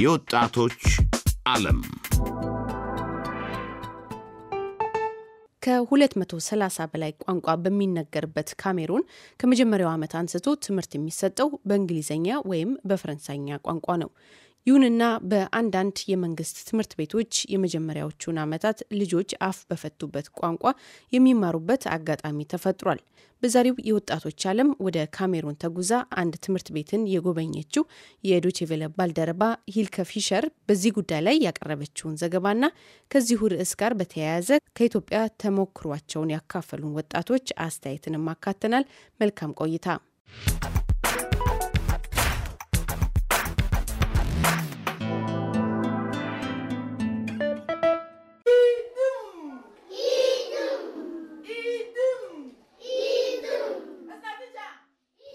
የወጣቶች ዓለም ከ230 በላይ ቋንቋ በሚነገርበት ካሜሩን ከመጀመሪያው ዓመት አንስቶ ትምህርት የሚሰጠው በእንግሊዝኛ ወይም በፈረንሳይኛ ቋንቋ ነው። ይሁንና በአንዳንድ የመንግስት ትምህርት ቤቶች የመጀመሪያዎቹን ዓመታት ልጆች አፍ በፈቱበት ቋንቋ የሚማሩበት አጋጣሚ ተፈጥሯል። በዛሬው የወጣቶች ዓለም ወደ ካሜሩን ተጉዛ አንድ ትምህርት ቤትን የጎበኘችው የዶቼቬለ ባልደረባ ሂልከ ፊሸር በዚህ ጉዳይ ላይ ያቀረበችውን ዘገባና ከዚሁ ርዕስ ጋር በተያያዘ ከኢትዮጵያ ተሞክሯቸውን ያካፈሉን ወጣቶች አስተያየትንም አካተናል። መልካም ቆይታ።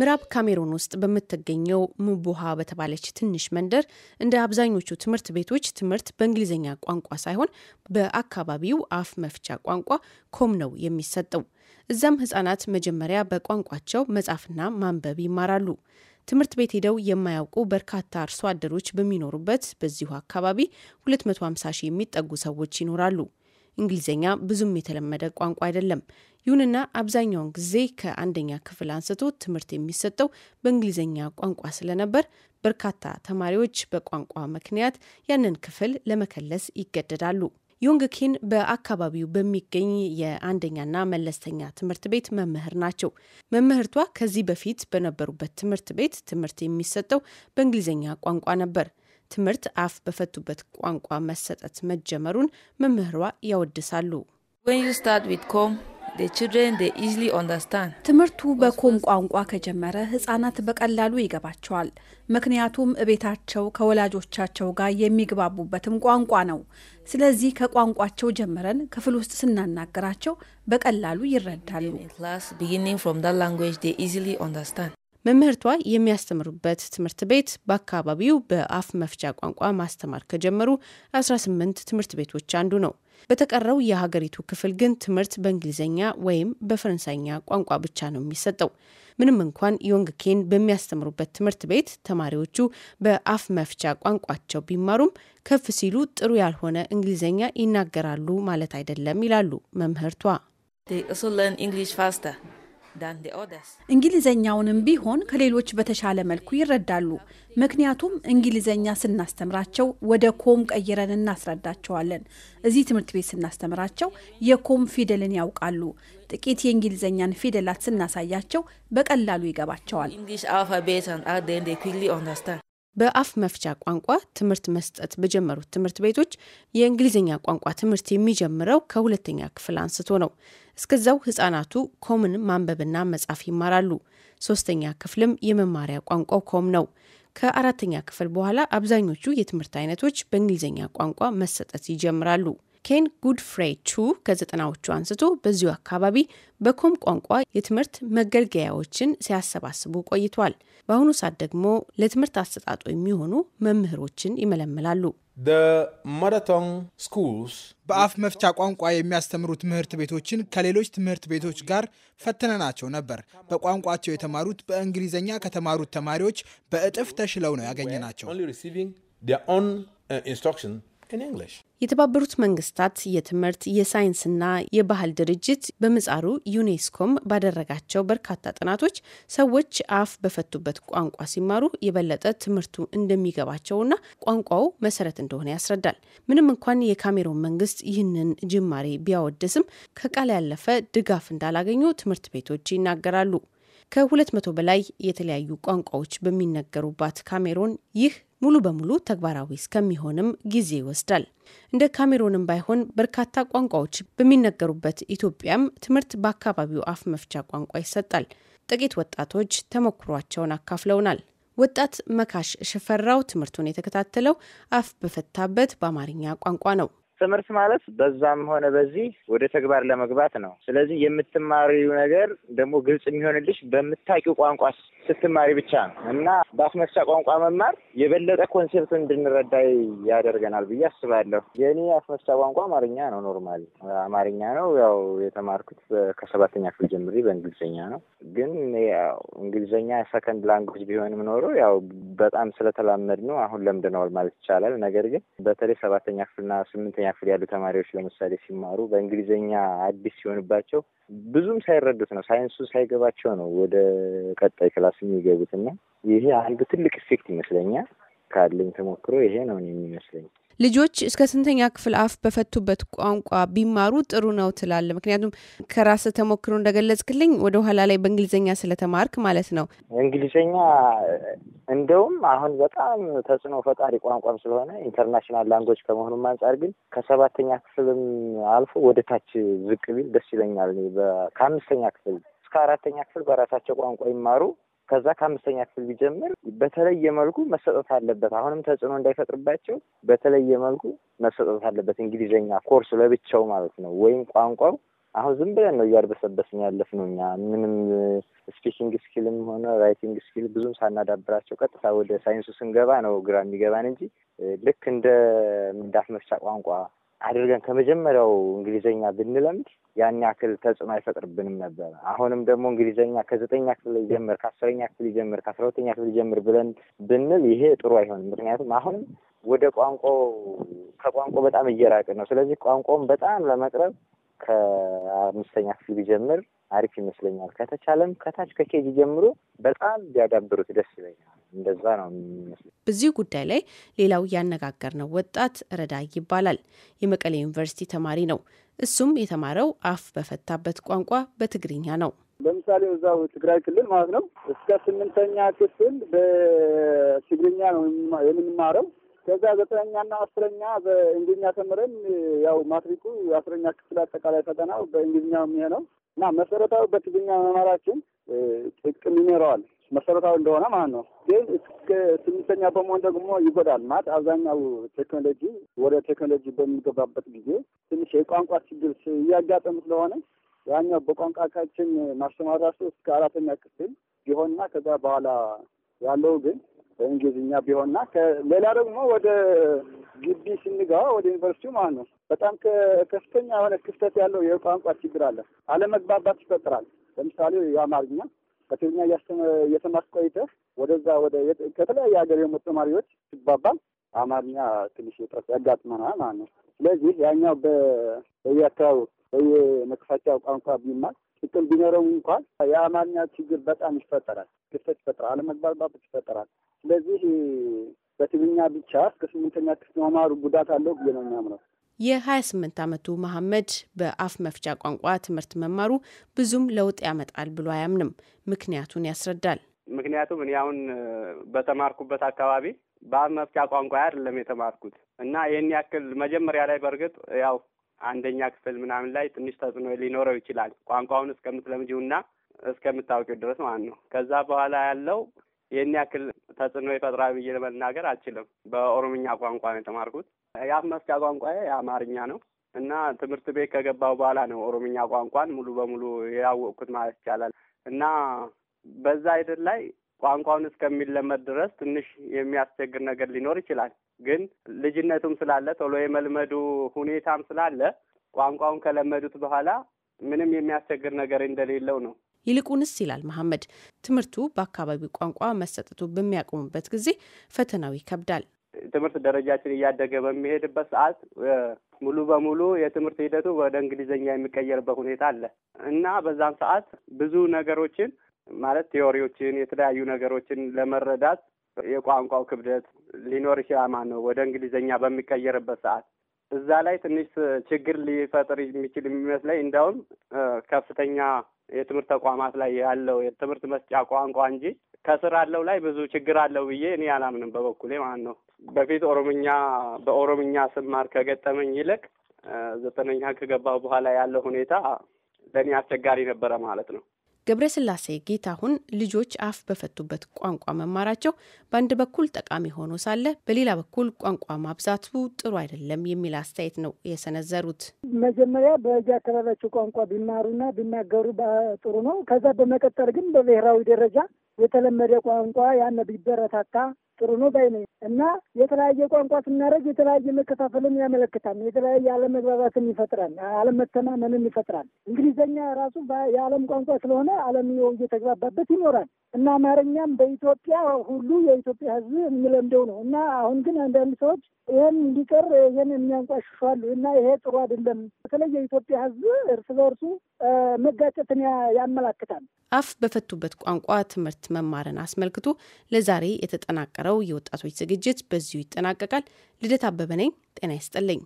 ምዕራብ ካሜሩን ውስጥ በምትገኘው ምቡሃ በተባለች ትንሽ መንደር እንደ አብዛኞቹ ትምህርት ቤቶች ትምህርት በእንግሊዝኛ ቋንቋ ሳይሆን በአካባቢው አፍ መፍቻ ቋንቋ ኮም ነው የሚሰጠው። እዛም ህጻናት መጀመሪያ በቋንቋቸው መጻፍና ማንበብ ይማራሉ። ትምህርት ቤት ሄደው የማያውቁ በርካታ አርሶ አደሮች በሚኖሩበት በዚሁ አካባቢ 250 ሺህ የሚጠጉ ሰዎች ይኖራሉ። እንግሊዝኛ ብዙም የተለመደ ቋንቋ አይደለም። ይሁንና አብዛኛውን ጊዜ ከአንደኛ ክፍል አንስቶ ትምህርት የሚሰጠው በእንግሊዝኛ ቋንቋ ስለነበር በርካታ ተማሪዎች በቋንቋ ምክንያት ያንን ክፍል ለመከለስ ይገደዳሉ። ዮንግ ኪን በአካባቢው በሚገኝ የአንደኛና መለስተኛ ትምህርት ቤት መምህር ናቸው። መምህርቷ ከዚህ በፊት በነበሩበት ትምህርት ቤት ትምህርት የሚሰጠው በእንግሊዝኛ ቋንቋ ነበር። ትምህርት አፍ በፈቱበት ቋንቋ መሰጠት መጀመሩን መምህሯ ያወድሳሉ። ትምህርቱ በኮም ቋንቋ ከጀመረ ህጻናት በቀላሉ ይገባቸዋል። ምክንያቱም እቤታቸው ከወላጆቻቸው ጋር የሚግባቡበትም ቋንቋ ነው። ስለዚህ ከቋንቋቸው ጀምረን ክፍል ውስጥ ስናናገራቸው በቀላሉ ይረዳሉ። መምህርቷ የሚያስተምሩበት ትምህርት ቤት በአካባቢው በአፍ መፍቻ ቋንቋ ማስተማር ከጀመሩ 18 ትምህርት ቤቶች አንዱ ነው። በተቀረው የሀገሪቱ ክፍል ግን ትምህርት በእንግሊዝኛ ወይም በፈረንሳይኛ ቋንቋ ብቻ ነው የሚሰጠው። ምንም እንኳን ዮንግኬን በሚያስተምሩበት ትምህርት ቤት ተማሪዎቹ በአፍ መፍቻ ቋንቋቸው ቢማሩም ከፍ ሲሉ ጥሩ ያልሆነ እንግሊዝኛ ይናገራሉ ማለት አይደለም ይላሉ መምህርቷ። እንግሊዘኛውንም ቢሆን ከሌሎች በተሻለ መልኩ ይረዳሉ። ምክንያቱም እንግሊዘኛ ስናስተምራቸው ወደ ኮም ቀይረን እናስረዳቸዋለን። እዚህ ትምህርት ቤት ስናስተምራቸው የኮም ፊደልን ያውቃሉ። ጥቂት የእንግሊዘኛን ፊደላት ስናሳያቸው በቀላሉ ይገባቸዋል። በአፍ መፍቻ ቋንቋ ትምህርት መስጠት በጀመሩት ትምህርት ቤቶች የእንግሊዝኛ ቋንቋ ትምህርት የሚጀምረው ከሁለተኛ ክፍል አንስቶ ነው። እስከዛው ህጻናቱ ኮምን ማንበብና መጻፍ ይማራሉ። ሶስተኛ ክፍልም የመማሪያ ቋንቋው ኮም ነው። ከአራተኛ ክፍል በኋላ አብዛኞቹ የትምህርት አይነቶች በእንግሊዝኛ ቋንቋ መሰጠት ይጀምራሉ። ኬን ጉድፍሬ ቹ ከዘጠናዎቹ አንስቶ በዚሁ አካባቢ በኮም ቋንቋ የትምህርት መገልገያዎችን ሲያሰባስቡ ቆይቷል። በአሁኑ ሰዓት ደግሞ ለትምህርት አሰጣጡ የሚሆኑ መምህሮችን ይመለምላሉ። ማራቶን ስኩልስ በአፍ መፍቻ ቋንቋ የሚያስተምሩ ትምህርት ቤቶችን ከሌሎች ትምህርት ቤቶች ጋር ፈትነናቸው ነበር። በቋንቋቸው የተማሩት በእንግሊዝኛ ከተማሩት ተማሪዎች በእጥፍ ተሽለው ነው ያገኘናቸው። የተባበሩት መንግስታት የትምህርት የሳይንስና የባህል ድርጅት በምጻሩ ዩኔስኮም ባደረጋቸው በርካታ ጥናቶች ሰዎች አፍ በፈቱበት ቋንቋ ሲማሩ የበለጠ ትምህርቱ እንደሚገባቸውና ቋንቋው መሰረት እንደሆነ ያስረዳል። ምንም እንኳን የካሜሮን መንግስት ይህንን ጅማሬ ቢያወደስም ከቃል ያለፈ ድጋፍ እንዳላገኙ ትምህርት ቤቶች ይናገራሉ። ከሁለት መቶ በላይ የተለያዩ ቋንቋዎች በሚነገሩባት ካሜሮን ይህ ሙሉ በሙሉ ተግባራዊ እስከሚሆንም ጊዜ ይወስዳል። እንደ ካሜሮንም ባይሆን በርካታ ቋንቋዎች በሚነገሩበት ኢትዮጵያም ትምህርት በአካባቢው አፍ መፍቻ ቋንቋ ይሰጣል። ጥቂት ወጣቶች ተሞክሯቸውን አካፍለውናል። ወጣት መካሽ ሽፈራው ትምህርቱን የተከታተለው አፍ በፈታበት በአማርኛ ቋንቋ ነው። ትምህርት ማለት በዛም ሆነ በዚህ ወደ ተግባር ለመግባት ነው። ስለዚህ የምትማሪው ነገር ደግሞ ግልጽ የሚሆንልሽ በምታውቂው ቋንቋ ስትማሪ ብቻ ነው እና በአስመሳ ቋንቋ መማር የበለጠ ኮንሴፕት እንድንረዳ ያደርገናል ብዬ አስባለሁ። የእኔ አስመሳ ቋንቋ አማርኛ ነው። ኖርማል አማርኛ ነው። ያው የተማርኩት ከሰባተኛ ክፍል ጀምሬ በእንግሊዝኛ ነው። ግን ያው እንግሊዝኛ ሰከንድ ላንጉጅ ቢሆንም ኖሮ ያው በጣም ስለተላመድ ነው አሁን ለምደነዋል ማለት ይቻላል። ነገር ግን በተለይ ሰባተኛ ክፍልና ስምንተኛ ክፍል ያሉ ተማሪዎች ለምሳሌ ሲማሩ በእንግሊዝኛ አዲስ ሲሆንባቸው ብዙም ሳይረዱት ነው ሳይንሱ ሳይገባቸው ነው ወደ ቀጣይ ክላስ ራሱ የሚገቡት እና ይሄ አንዱ ትልቅ ኢፌክት ይመስለኛል። ካለኝ ተሞክሮ ይሄ ነው የሚመስለኝ። ልጆች እስከ ስንተኛ ክፍል አፍ በፈቱበት ቋንቋ ቢማሩ ጥሩ ነው ትላለ? ምክንያቱም ከራስ ተሞክሮ እንደገለጽክልኝ ወደ ኋላ ላይ በእንግሊዝኛ ስለተማርክ ማለት ነው። እንግሊዝኛ እንደውም አሁን በጣም ተጽዕኖ ፈጣሪ ቋንቋም ስለሆነ ኢንተርናሽናል ላንጎች ከመሆኑም አንጻር ግን ከሰባተኛ ክፍልም አልፎ ወደ ታች ዝቅ ቢል ደስ ይለኛል። ከአምስተኛ ክፍል እስከ አራተኛ ክፍል በራሳቸው ቋንቋ ይማሩ ከዛ ከአምስተኛ ክፍል ቢጀምር በተለየ መልኩ መሰጠት አለበት። አሁንም ተጽዕኖ እንዳይፈጥርባቸው በተለየ መልኩ መሰጠት አለበት። እንግሊዝኛ ኮርስ ለብቻው ማለት ነው ወይም ቋንቋው አሁን ዝም ብለን ነው እያርበሰበስን ያለፍ ነው። እኛ ምንም ስፒኪንግ ስኪልም ሆነ ራይቲንግ ስኪል ብዙም ሳናዳብራቸው ቀጥታ ወደ ሳይንሱ ስንገባ ነው ግራ የሚገባን እንጂ ልክ እንደ አፍ መፍቻ ቋንቋ አድርገን ከመጀመሪያው እንግሊዝኛ ብንለምድ ያን ያክል ተጽዕኖ አይፈጥርብንም ነበር። አሁንም ደግሞ እንግሊዝኛ ከዘጠኛ ክፍል ይጀምር፣ ከአስረኛ ክፍል ይጀምር፣ ከአስራ ሁለተኛ ክፍል ይጀምር ብለን ብንል ይሄ ጥሩ አይሆንም። ምክንያቱም አሁንም ወደ ቋንቋው ከቋንቋ በጣም እየራቅን ነው። ስለዚህ ቋንቋውን በጣም ለመቅረብ ከአምስተኛ ክፍል ቢጀምር አሪፍ ይመስለኛል። ከተቻለም ከታች ከኬጂ ጀምሮ በጣም ቢያዳብሩት ደስ ይለኛል። እንደዛ ነው የሚመስለው። በዚህ ጉዳይ ላይ ሌላው ያነጋገርነው ወጣት ረዳ ይባላል። የመቀሌ ዩኒቨርሲቲ ተማሪ ነው። እሱም የተማረው አፍ በፈታበት ቋንቋ በትግርኛ ነው። ለምሳሌ እዛው ትግራይ ክልል ማለት ነው እስከ ስምንተኛ ክፍል በትግርኛ ነው የምንማረው። ከዛ ዘጠነኛና አስረኛ በእንግሊዝኛ ተምረን ያው ማትሪኩ አስረኛ ክፍል አጠቃላይ ፈተናው በእንግሊዝኛው የሚሆነው እና መሰረታዊ በትግርኛ መማራችን ጥቅም ይኖረዋል። መሰረታዊ እንደሆነ ማለት ነው። ግን ስምንተኛ በመሆን ደግሞ ይጎዳል ማለት አብዛኛው ቴክኖሎጂ ወደ ቴክኖሎጂ በሚገባበት ጊዜ ትንሽ የቋንቋ ችግር እያጋጠም ስለሆነ ያኛው በቋንቋችን ማስተማር ራሱ እስከ አራተኛ ክፍል ቢሆንና ከዛ በኋላ ያለው ግን በእንግሊዝኛ ቢሆንና ሌላ ደግሞ ወደ ግቢ ስንገባ ወደ ዩኒቨርሲቲ ማለት ነው በጣም ከፍተኛ የሆነ ክፍተት ያለው የቋንቋ ችግር አለ። አለመግባባት ይፈጥራል። ለምሳሌ የአማርኛ በትግርኛ እየተማርክ ቆይተህ ወደዛ ወደ ከተለያየ ሀገር የመጡ ተማሪዎች ሲባባል አማርኛ ትንሽ እጥረት ያጋጥመናል ማለት ነው። ስለዚህ ያኛው በየአካባቢው በየመክፋቻው ቋንቋ ቢማር ጥቅም ቢኖረው እንኳን የአማርኛ ችግር በጣም ይፈጠራል፣ ክፍተት ይፈጠራል፣ አለመግባባት ይፈጠራል። ስለዚህ በትግርኛ ብቻ እስከ ስምንተኛ ክፍል መማሩ ጉዳት አለው ብዬ ነው የሚያምነው። የ28 ዓመቱ መሐመድ በአፍ መፍቻ ቋንቋ ትምህርት መማሩ ብዙም ለውጥ ያመጣል ብሎ አያምንም። ምክንያቱን ያስረዳል። ምክንያቱም እኔ አሁን በተማርኩበት አካባቢ በአፍ መፍቻ ቋንቋ አይደለም የተማርኩት እና ይህን ያክል መጀመሪያ ላይ በእርግጥ ያው አንደኛ ክፍል ምናምን ላይ ትንሽ ተጽዕኖ ሊኖረው ይችላል ቋንቋውን እስከምትለምጂው እና እስከምታወቂው ድረስ ማለት ነው። ከዛ በኋላ ያለው ይህን ያክል ተጽዕኖ ይፈጥራል ብዬ ለመናገር አልችልም። በኦሮምኛ ቋንቋ ነው የተማርኩት የአፍ መፍቻ ቋንቋ የአማርኛ ነው እና ትምህርት ቤት ከገባው በኋላ ነው ኦሮምኛ ቋንቋን ሙሉ በሙሉ ያወቅኩት ማለት ይቻላል። እና በዛ አይደል ላይ ቋንቋውን እስከሚለመድ ድረስ ትንሽ የሚያስቸግር ነገር ሊኖር ይችላል። ግን ልጅነቱም ስላለ ቶሎ የመልመዱ ሁኔታም ስላለ ቋንቋውን ከለመዱት በኋላ ምንም የሚያስቸግር ነገር እንደሌለው ነው። ይልቁንስ ይላል መሐመድ፣ ትምህርቱ በአካባቢው ቋንቋ መሰጠቱ በሚያቆሙበት ጊዜ ፈተናው ይከብዳል። ትምህርት ደረጃችን እያደገ በሚሄድበት ሰዓት ሙሉ በሙሉ የትምህርት ሂደቱ ወደ እንግሊዝኛ የሚቀየርበት ሁኔታ አለ እና በዛም ሰዓት ብዙ ነገሮችን ማለት ቴዎሪዎችን፣ የተለያዩ ነገሮችን ለመረዳት የቋንቋው ክብደት ሊኖር ይችላል ማለት ነው። ወደ እንግሊዝኛ በሚቀየርበት ሰዓት እዛ ላይ ትንሽ ችግር ሊፈጥር የሚችል የሚመስለኝ እንደውም ከፍተኛ የትምህርት ተቋማት ላይ ያለው የትምህርት መስጫ ቋንቋ እንጂ ከስር አለው ላይ ብዙ ችግር አለው ብዬ እኔ አላምንም በበኩሌ ማለት ነው። በፊት ኦሮምኛ በኦሮምኛ ስማር ከገጠመኝ ይልቅ ዘጠነኛ ከገባ በኋላ ያለ ሁኔታ ለእኔ አስቸጋሪ ነበረ ማለት ነው። ገብረስላሴ ጌታሁን ልጆች አፍ በፈቱበት ቋንቋ መማራቸው በአንድ በኩል ጠቃሚ ሆኖ ሳለ በሌላ በኩል ቋንቋ ማብዛቱ ጥሩ አይደለም የሚል አስተያየት ነው የሰነዘሩት። መጀመሪያ በዚህ አካባቢያቸው ቋንቋ ቢማሩና ቢናገሩ ጥሩ ነው። ከዛ በመቀጠል ግን በብሔራዊ ደረጃ የተለመደ ቋንቋ ያነ ቢበረታታ ጥሩ ነው ባይ ነኝ እና የተለያየ ቋንቋ ስናደርግ የተለያየ መከፋፈልን ያመለክታል። የተለያየ አለመግባባትን ይፈጥራል። አለመተማመንን ይፈጥራል። እንግሊዝኛ ራሱ የዓለም ቋንቋ ስለሆነ ዓለም እየተግባባበት ይኖራል እና አማርኛም በኢትዮጵያ ሁሉ የኢትዮጵያ ሕዝብ የሚለምደው ነው እና አሁን ግን አንዳንድ ሰዎች ይህን እንዲቀር ይህን የሚያንቋሽሿሉ እና ይሄ ጥሩ አይደለም። በተለይ የኢትዮጵያ ሕዝብ እርስ በእርሱ መጋጨትን ያመላክታል። አፍ በፈቱበት ቋንቋ ትምህርት መማርን አስመልክቶ ለዛሬ የተጠናቀረው የነበረው የወጣቶች ዝግጅት በዚሁ ይጠናቀቃል። ልደት አበበ ነኝ። ጤና ይስጥልኝ።